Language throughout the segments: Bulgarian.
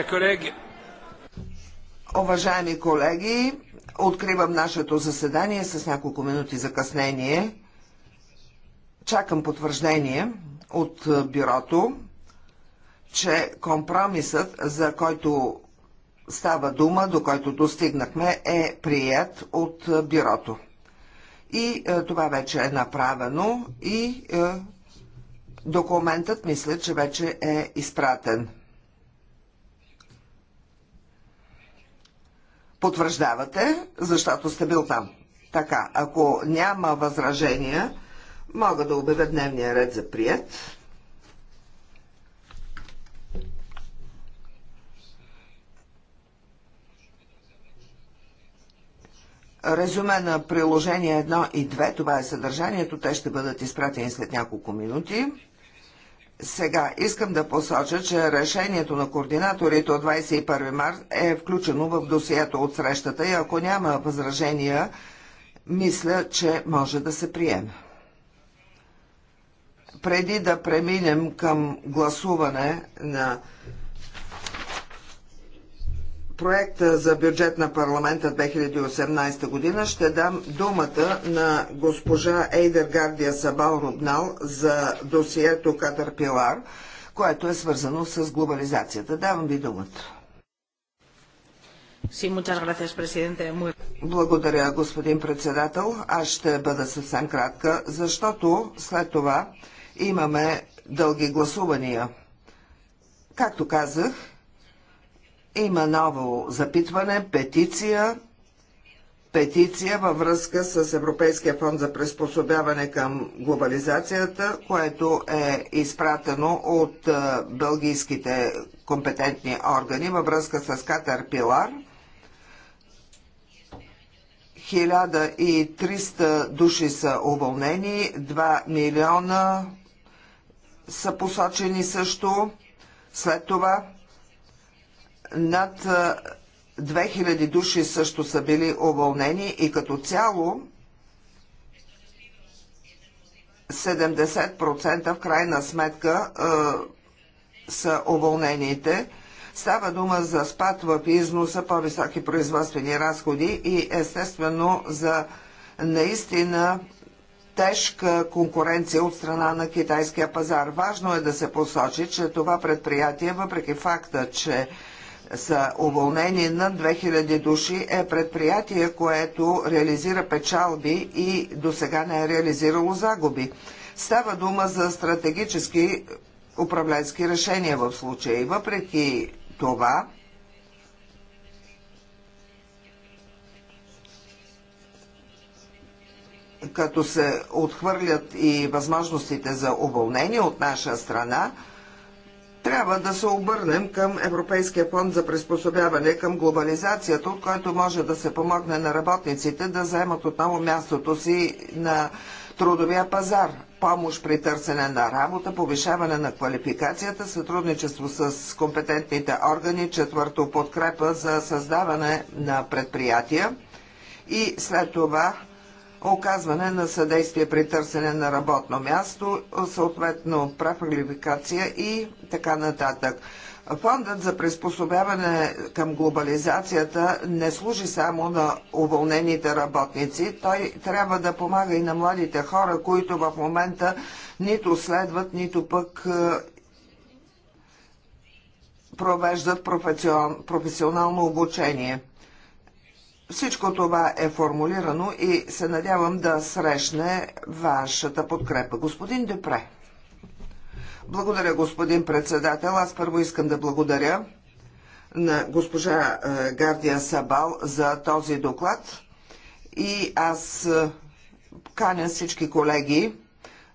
Колеги. Уважаеми колеги, откривам нашето заседание с няколко минути закъснение. Чакам потвърждение от бюрото, че компромисът, за който става дума, до който достигнахме, е прият от бюрото. И е, това вече е направено и е, документът мисля, че вече е изпратен. потвърждавате, защото сте бил там. Така, ако няма възражения, мога да обявя дневния ред за прият. Резюме на приложения 1 и 2, това е съдържанието, те ще бъдат изпратени след няколко минути. Сега искам да посоча, че решението на координаторите от 21 март е включено в досието от срещата и ако няма възражения, мисля, че може да се приеме. Преди да преминем към гласуване на проекта за бюджет на парламента 2018 година ще дам думата на госпожа Ейдер Гардия Сабал Руднал за досието Катърпилар, което е свързано с глобализацията. Давам ви думата. Благодаря, господин председател. Аз ще бъда съвсем кратка, защото след това имаме дълги гласувания. Както казах, има ново запитване, петиция, петиция във връзка с Европейския фонд за приспособяване към глобализацията, което е изпратено от е, бългийските компетентни органи във връзка с Катерпилар. 1300 души са уволнени, 2 милиона са посочени също. След това над 2000 души също са били уволнени и като цяло 70% в крайна сметка са уволнените. Става дума за спад в износа, по-високи производствени разходи и естествено за наистина тежка конкуренция от страна на китайския пазар. Важно е да се посочи, че това предприятие, въпреки факта, че са уволнени на 2000 души е предприятие, което реализира печалби и до сега не е реализирало загуби. Става дума за стратегически управленски решения в случая. Въпреки това, като се отхвърлят и възможностите за уволнение от наша страна, трябва да се обърнем към Европейския фонд за приспособяване към глобализацията, от който може да се помогне на работниците да заемат отново мястото си на трудовия пазар, помощ при търсене на работа, повишаване на квалификацията, сътрудничество с компетентните органи, четвърто подкрепа за създаване на предприятия и след това оказване на съдействие при търсене на работно място, съответно преквалификация и така нататък. Фондът за приспособяване към глобализацията не служи само на уволнените работници, той трябва да помага и на младите хора, които в момента нито следват, нито пък е, провеждат професионално обучение. Всичко това е формулирано и се надявам да срещне вашата подкрепа. Господин Депре. Благодаря, господин председател. Аз първо искам да благодаря на госпожа е, Гардия Сабал за този доклад. И аз е, каня всички колеги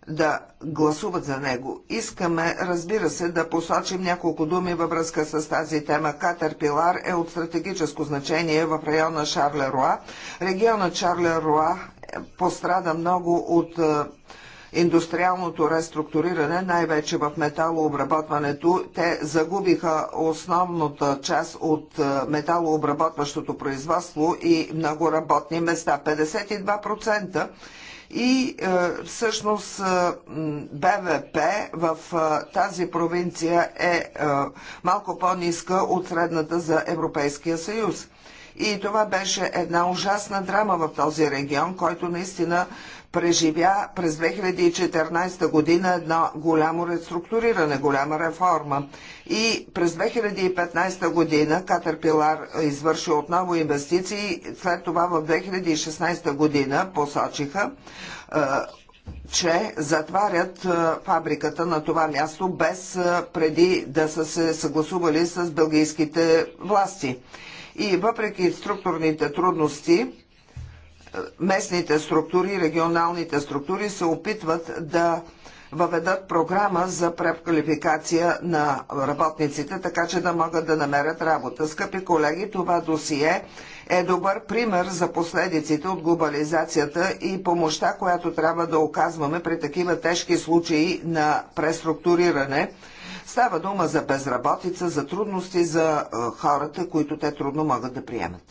да гласуват за него. Искаме, разбира се, да посочим няколко думи във връзка с тази тема. Катерпилар е от стратегическо значение в района Шарлеруа. Регионът Шарлеруа пострада много от е, индустриалното реструктуриране, най-вече в металообработването, те загубиха основната част от е, металообработващото производство и много работни места. 52% и е, всъщност е, БВП в е, тази провинция е малко по-ниска от средната за Европейския съюз. И това беше една ужасна драма в този регион, който наистина преживя през 2014 година едно голямо реструктуриране, голяма реформа. И през 2015 година Катерпилар извърши отново инвестиции, след това в 2016 година посочиха че затварят фабриката на това място без преди да са се съгласували с бългийските власти. И въпреки структурните трудности, местните структури, регионалните структури се опитват да въведат програма за преквалификация на работниците, така че да могат да намерят работа. Скъпи колеги, това досие е добър пример за последиците от глобализацията и помощта, която трябва да оказваме при такива тежки случаи на преструктуриране. Става дума за безработица, за трудности за е, хората, които те трудно могат да приемат.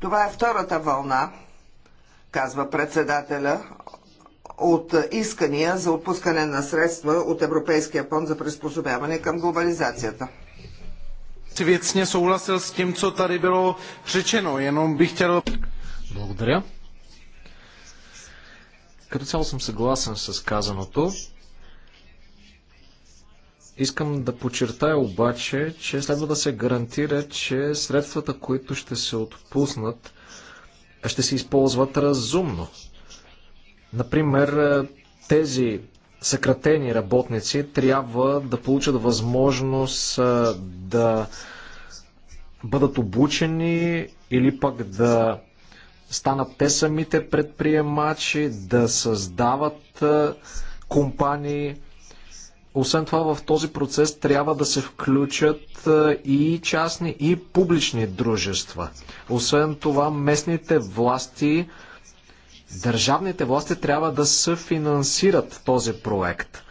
Това е втората вълна, казва председателя, от искания за отпускане на средства от Европейския фонд за приспособяване към глобализацията. Благодаря. Като цяло съм съгласен с казаното. Искам да подчертая обаче, че следва да се гарантира, че средствата, които ще се отпуснат, ще се използват разумно. Например, тези съкратени работници трябва да получат възможност да бъдат обучени или пък да станат те самите предприемачи, да създават компании. Освен това, в този процес трябва да се включат и частни, и публични дружества. Освен това, местните власти, държавните власти трябва да се финансират този проект.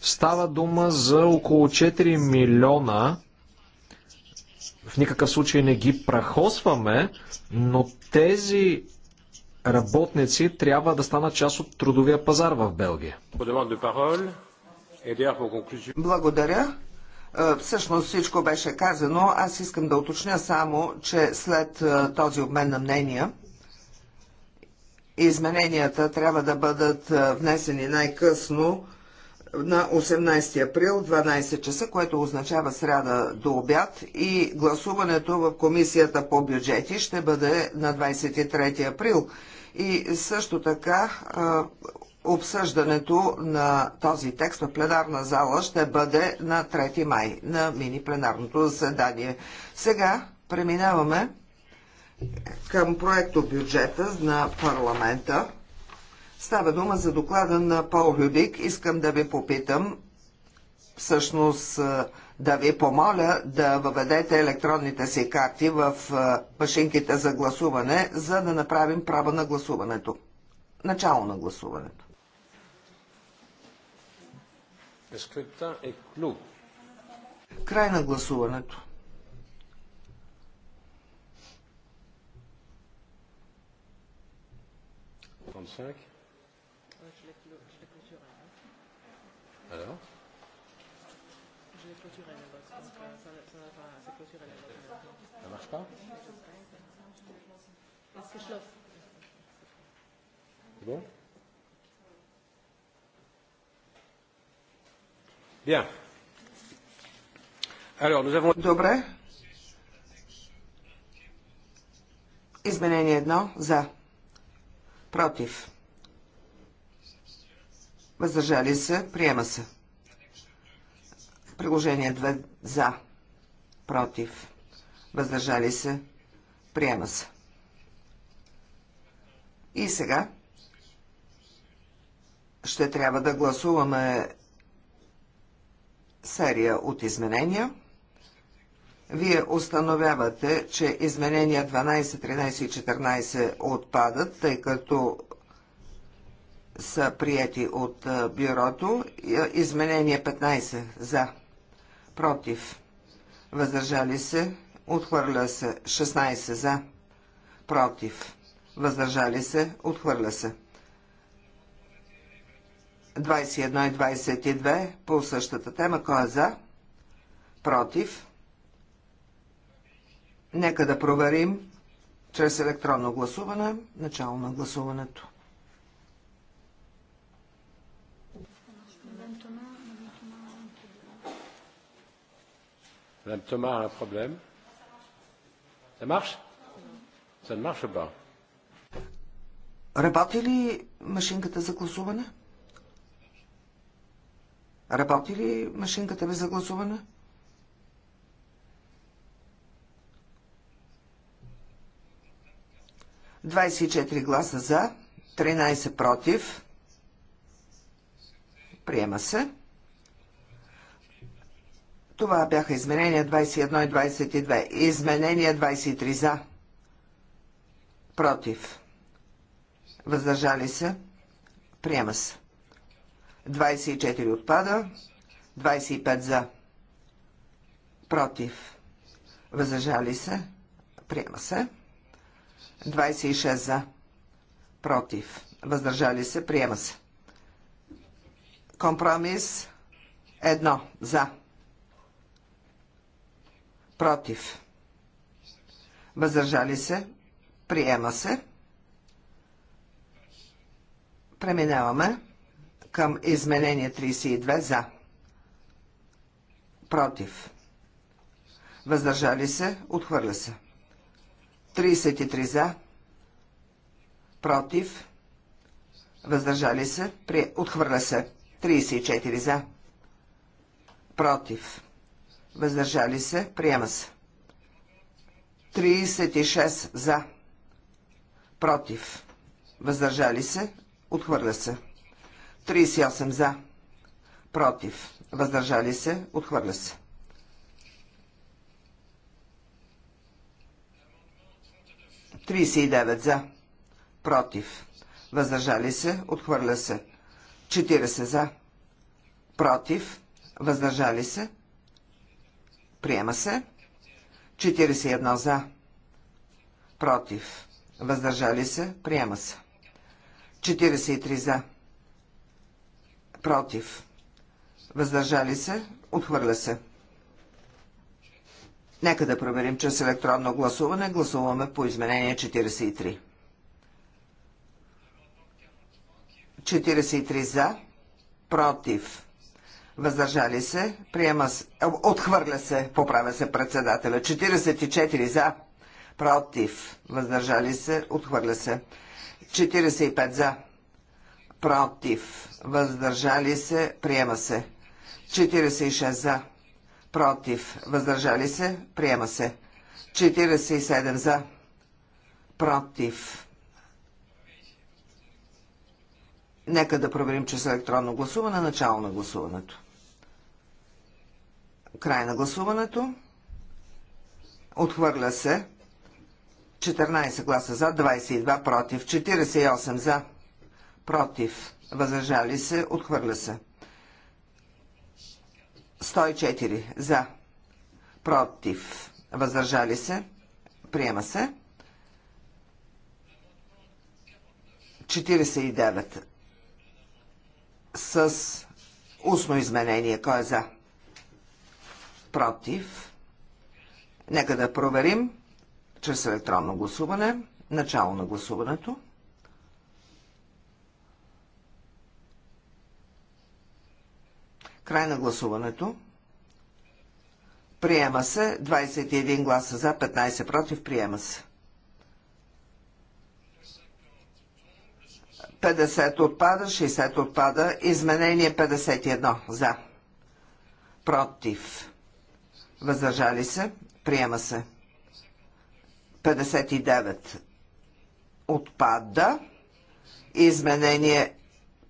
Става дума за около 4 милиона. В никакъв случай не ги прахосваме, но тези работници трябва да станат част от трудовия пазар в Белгия. Благодаря. Е, всъщност всичко беше казано. Аз искам да уточня само, че след е, този обмен на мнения, измененията трябва да бъдат е, внесени най-късно на 18 април 12 часа, което означава сряда до обяд и гласуването в комисията по бюджети ще бъде на 23 април и също така обсъждането на този текст в пленарна зала ще бъде на 3 май на мини пленарното заседание. Сега преминаваме към проекто бюджета на парламента. Става дума за доклада на Пол Людик. Искам да ви попитам всъщност да ви помоля да въведете електронните си карти в машинките за гласуване, за да направим право на гласуването. Начало на гласуването. Край на гласуването. Alors marche Bien. Alors, nous avons... Добре. Изменение едно за. Против. Въздържали се. Приема се. Приложение 2 за. Против въздържали се, приема се. И сега ще трябва да гласуваме серия от изменения. Вие установявате, че изменения 12, 13 и 14 отпадат, тъй като са приети от бюрото. Изменение 15 за, против, въздържали се, отхвърля се. 16 за, против, въздържали се, отхвърля се. 21 и 22 по същата тема. Кой е за? Против? Нека да проверим чрез електронно гласуване начало на гласуването. Madame Thomas a un problème. Ça marche Ça ne marche pas. Работи ли машинката за гласуване? Работи ли машинката ви за гласуване? Двадесет гласа за, 13 против. Приема се. Това бяха изменения 21 и 22. Изменение 23 за. Против. Въздържали се. Приема се. 24 отпада. 25 за. Против. Въздържали се. Приема се. 26 за. Против. Въздържали се. Приема се. Компромис. Едно. За против, въздържали се, приема се. Преминаваме към изменение 32 за, против, въздържали се, отхвърля се. 33 за, против, въздържали се, при... отхвърля се. 34 за, против, въздържали се, приема се. 36 за, против, въздържали се, отхвърля се. 38 за, против, въздържали се, отхвърля се. Тридесет и девет за, против, въздържали се, отхвърля се. 40 за, против, въздържали се, Приема се. 41 за. Против. Въздържали се. Приема се. 43 за. Против. Въздържали се. Отхвърля се. Нека да проверим, чрез електронно гласуване гласуваме по изменение 43. 43 за, против, въздържали се, приема се, отхвърля се, поправя се председателя. 44 за, против, въздържали се, отхвърля се. 45 за, против, въздържали се, приема се. 46 за, против, въздържали се, приема се. 47 за, против. Нека да проверим, че с електронно гласуване, начало на гласуването. Край на гласуването. Отхвърля се. 14 гласа за, 22 против, 48 за, против, възражали се, отхвърля се. 104 за, против, въздържали се, приема се. 49 с устно изменение. Кой е за? против. Нека да проверим чрез електронно гласуване. Начало на гласуването. Край на гласуването. Приема се. 21 гласа за, 15 против. Приема се. 50 отпада, 60 отпада. Изменение 51 за. Против въздържали се, приема се. 59 отпада. Изменение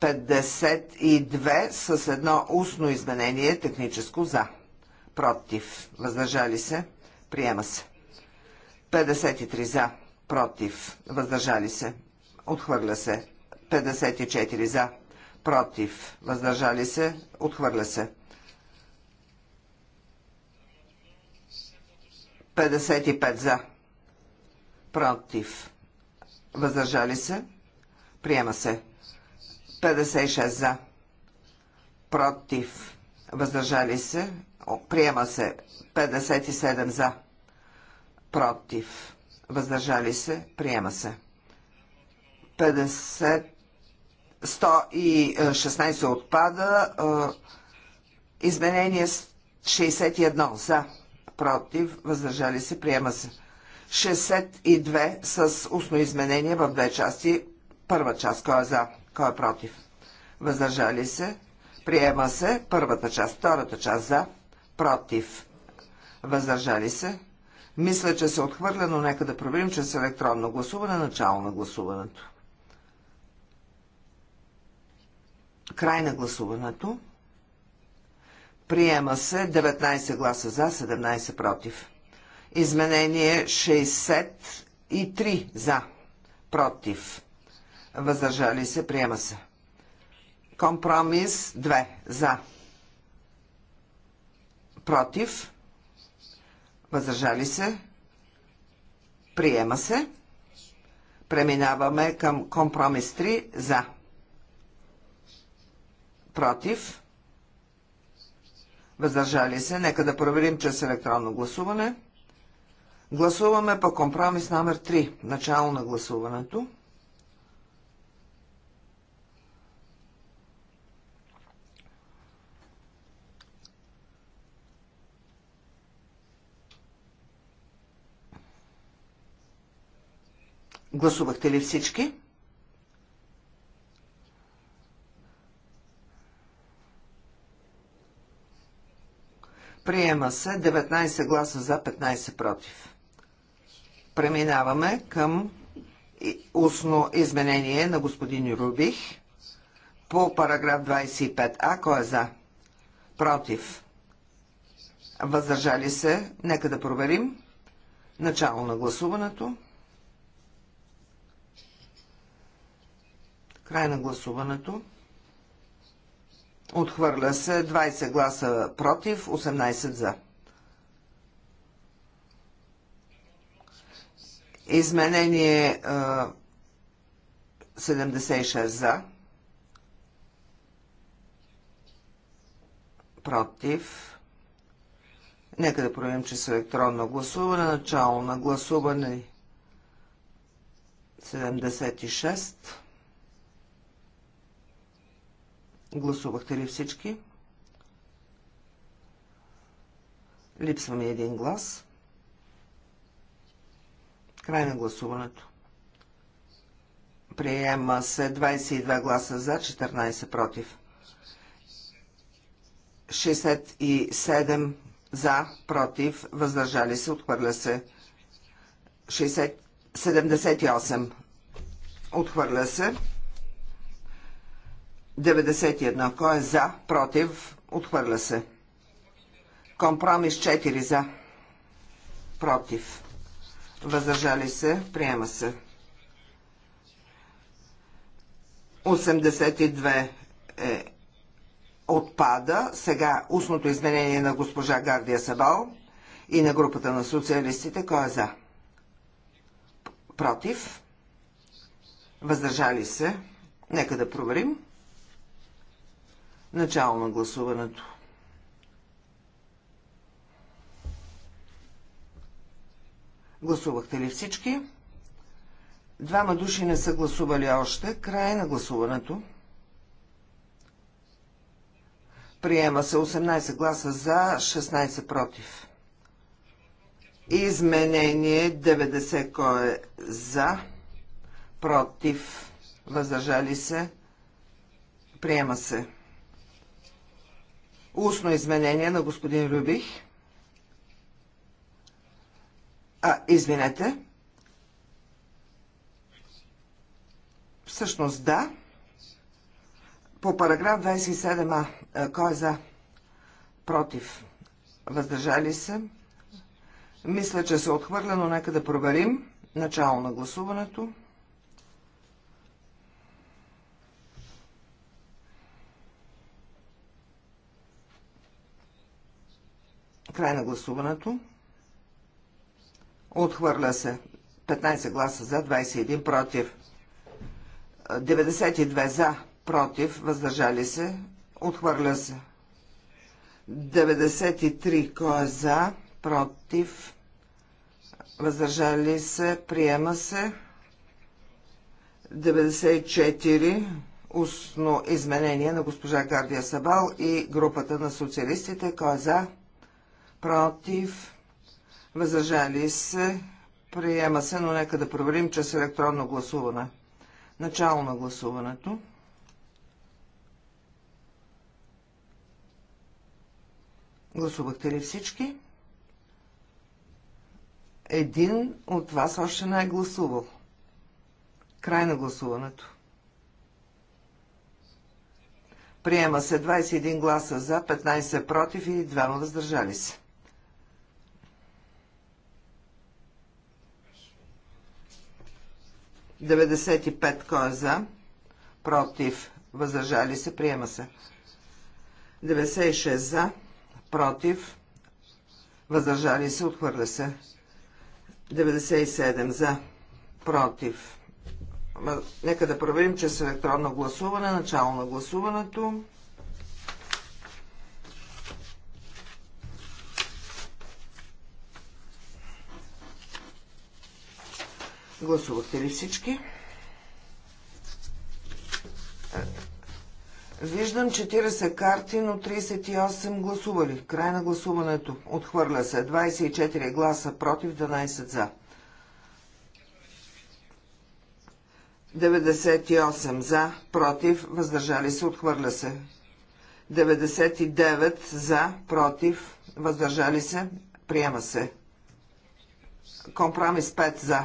52 с едно устно изменение техническо за. Против. Въздържали се. Приема се. 53 за. Против. Въздържали се. Отхвърля се. 54 за. Против. Въздържали се. Отхвърля се. 55 за. Против. Въздържали се. Приема се. 56 за. Против. Въздържали се. Приема се. 57 е, за. Против. Въздържали се. Приема се. 50. 116 отпада. Изменение 61 за против, въздържали се, приема се. 62 с устно изменение в две части. Първа част, кой е за, кой е против. Въздържали се, приема се. Първата част, втората част за, против. Въздържали се. Мисля, че се отхвърля, но нека да проверим чрез електронно гласуване начало на гласуването. Край на гласуването. Приема се 19 гласа за, 17 против. Изменение 63 за, против. Въздържали се, приема се. Компромис 2 за, против. Въздържали се, приема се. Преминаваме към компромис 3 за, против въздържали се. Нека да проверим чрез електронно гласуване. Гласуваме по компромис номер 3. Начало на гласуването. Гласувахте ли всички? Приема се 19 гласа за 15 против. Преминаваме към устно изменение на господин Рубих по параграф 25а. Кой е за? Против. Въздържали се? Нека да проверим. Начало на гласуването. Край на гласуването. Отхвърля се 20 гласа против, 18 за. Изменение 76 за. Против. Нека да проверим, че с електронно гласуване, начало на гласуване 76. Гласувахте ли всички? Липсва ми един глас. Край на гласуването. Приема се 22 гласа за, 14 против. 67 за, против, въздържали се, отхвърля се. 60, 78 отхвърля се. 91. Кой е за? Против? Отхвърля се. Компромис 4 за. Против. Въздържали се. Приема се. 82 е отпада. Сега устното изменение на госпожа Гардия Сабал и на групата на социалистите. Кой е за? Против. Въздържали се. Нека да проверим. Начало на гласуването. Гласувахте ли всички? Двама души не са гласували още. Край на гласуването. Приема се 18 гласа за, 16 против. Изменение 90 кой е за, против, въздържали се, приема се устно изменение на господин Любих. А, извинете. Всъщност да. По параграф 27а. Е, кой е за? Против. Въздържали се. Мисля, че се отхвърля, но нека да проверим начало на гласуването. Край на гласуването. Отхвърля се. 15 гласа за, 21 против. 92 за, против, въздържали се. Отхвърля се. 93 кой е за, против, въздържали се, приема се. 94 устно изменение на госпожа Гардия Сабал и групата на социалистите. Кой е за? против, въздържали се, приема се, но нека да проверим чрез електронно гласуване. Начало на гласуването. Гласувахте ли всички? Един от вас още не е гласувал. Край на гласуването. Приема се 21 гласа за, 15 против и 2 въздържали се. 95. Кой е за? Против. Въздържали се. Приема се. 96 за. Против. Въздържали се. Отхвърля се. 97 за. Против. Нека да проверим, че с електронно гласуване, начало на гласуването. Гласувахте ли всички? Виждам 40 карти, но 38 гласували. Край на гласуването. Отхвърля се. 24 гласа против, 12 за. 98 за, против, въздържали се, отхвърля се. 99 за, против, въздържали се, приема се. Компромис 5 за,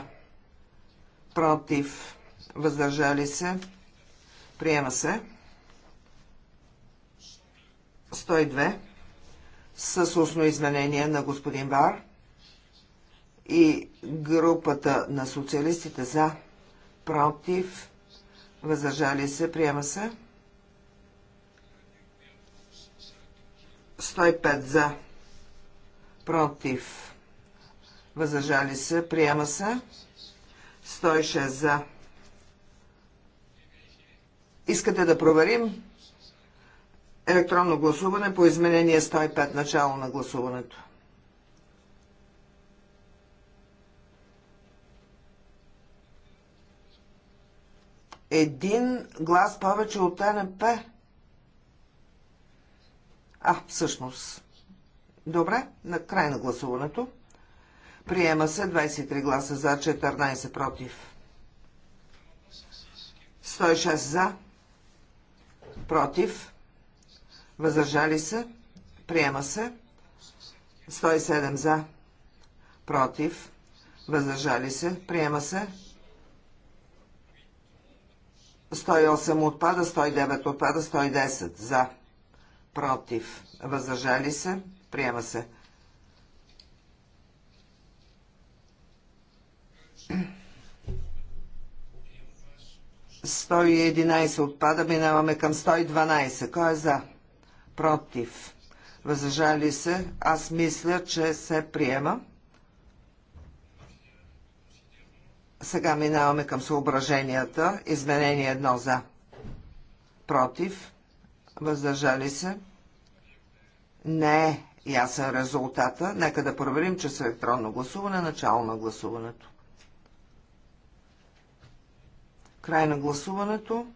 против, въздържали се, приема се. 102 с устно изменение на господин Бар и групата на социалистите за, против, въздържали се, приема се. 105 за, против, въздържали се, приема се. 106 за. Искате да проверим електронно гласуване по изменение 105 начало на гласуването. Един глас повече от НП. А, всъщност. Добре, на край на гласуването. Приема се 23 гласа за, 14 против. 106 за, против, въздържали се, приема се. 107 за, против, въздържали се, приема се. 108 отпада, 109 отпада, 110 за, против, въздържали се, приема се. 111 отпада, минаваме към 112. Кой е за? Против. Въздържали се? Аз мисля, че се приема. Сега минаваме към съображенията. Изменение едно за. Против. Въздържали се? Не е ясен резултата. Нека да проверим, че с електронно гласуване начало на гласуването. Край на гласуването.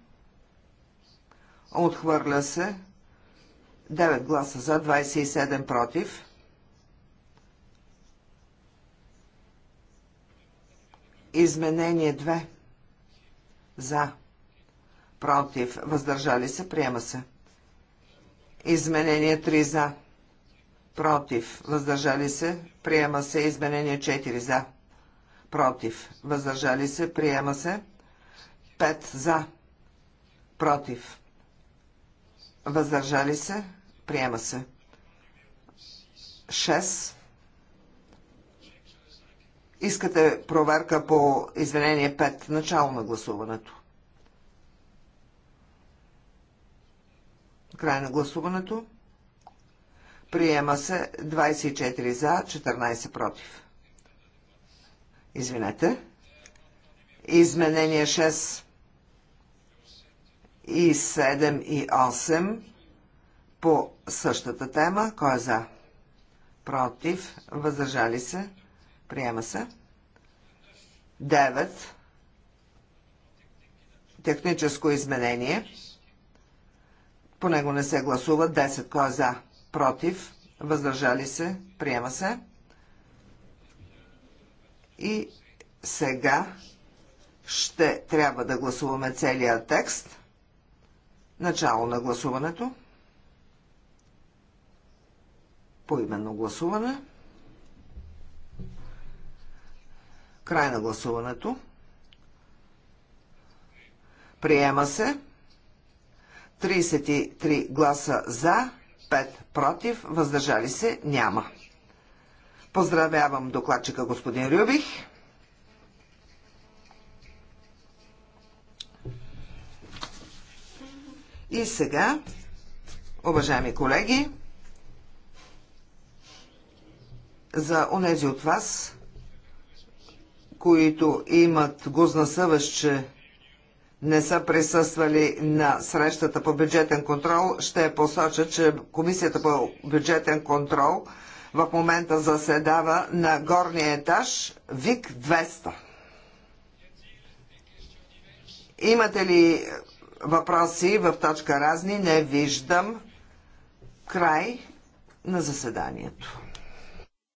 Отхвърля се. 9 гласа за, 27 против. Изменение 2. За. Против. Въздържали се. Приема се. Изменение 3 за. Против. Въздържали се. Приема се. Изменение 4 за. Против. Въздържали се. Приема се. 5 за, против, въздържали се, приема се. 6. Искате проверка по изменение 5, начало на гласуването. Край на гласуването. Приема се 24 за, 14 против. Извинете. Изменение 6 и 7 и 8 по същата тема. Кой е за? Против. Въздържали се. Приема се. 9. Техническо изменение. По него не се гласува. 10. Кой е за? Против. Въздържали се. Приема се. И сега ще трябва да гласуваме целият текст. Начало на гласуването. Поименно гласуване. Край на гласуването. Приема се. 33 гласа за, 5 против, въздържали се няма. Поздравявам докладчика господин Рюбих. И сега, уважаеми колеги, за онези от вас, които имат гузна съвест, че не са присъствали на срещата по бюджетен контрол, ще посоча, че Комисията по бюджетен контрол в момента заседава на горния етаж ВИК 200. Имате ли въпроси в точка разни не виждам. Край на заседанието.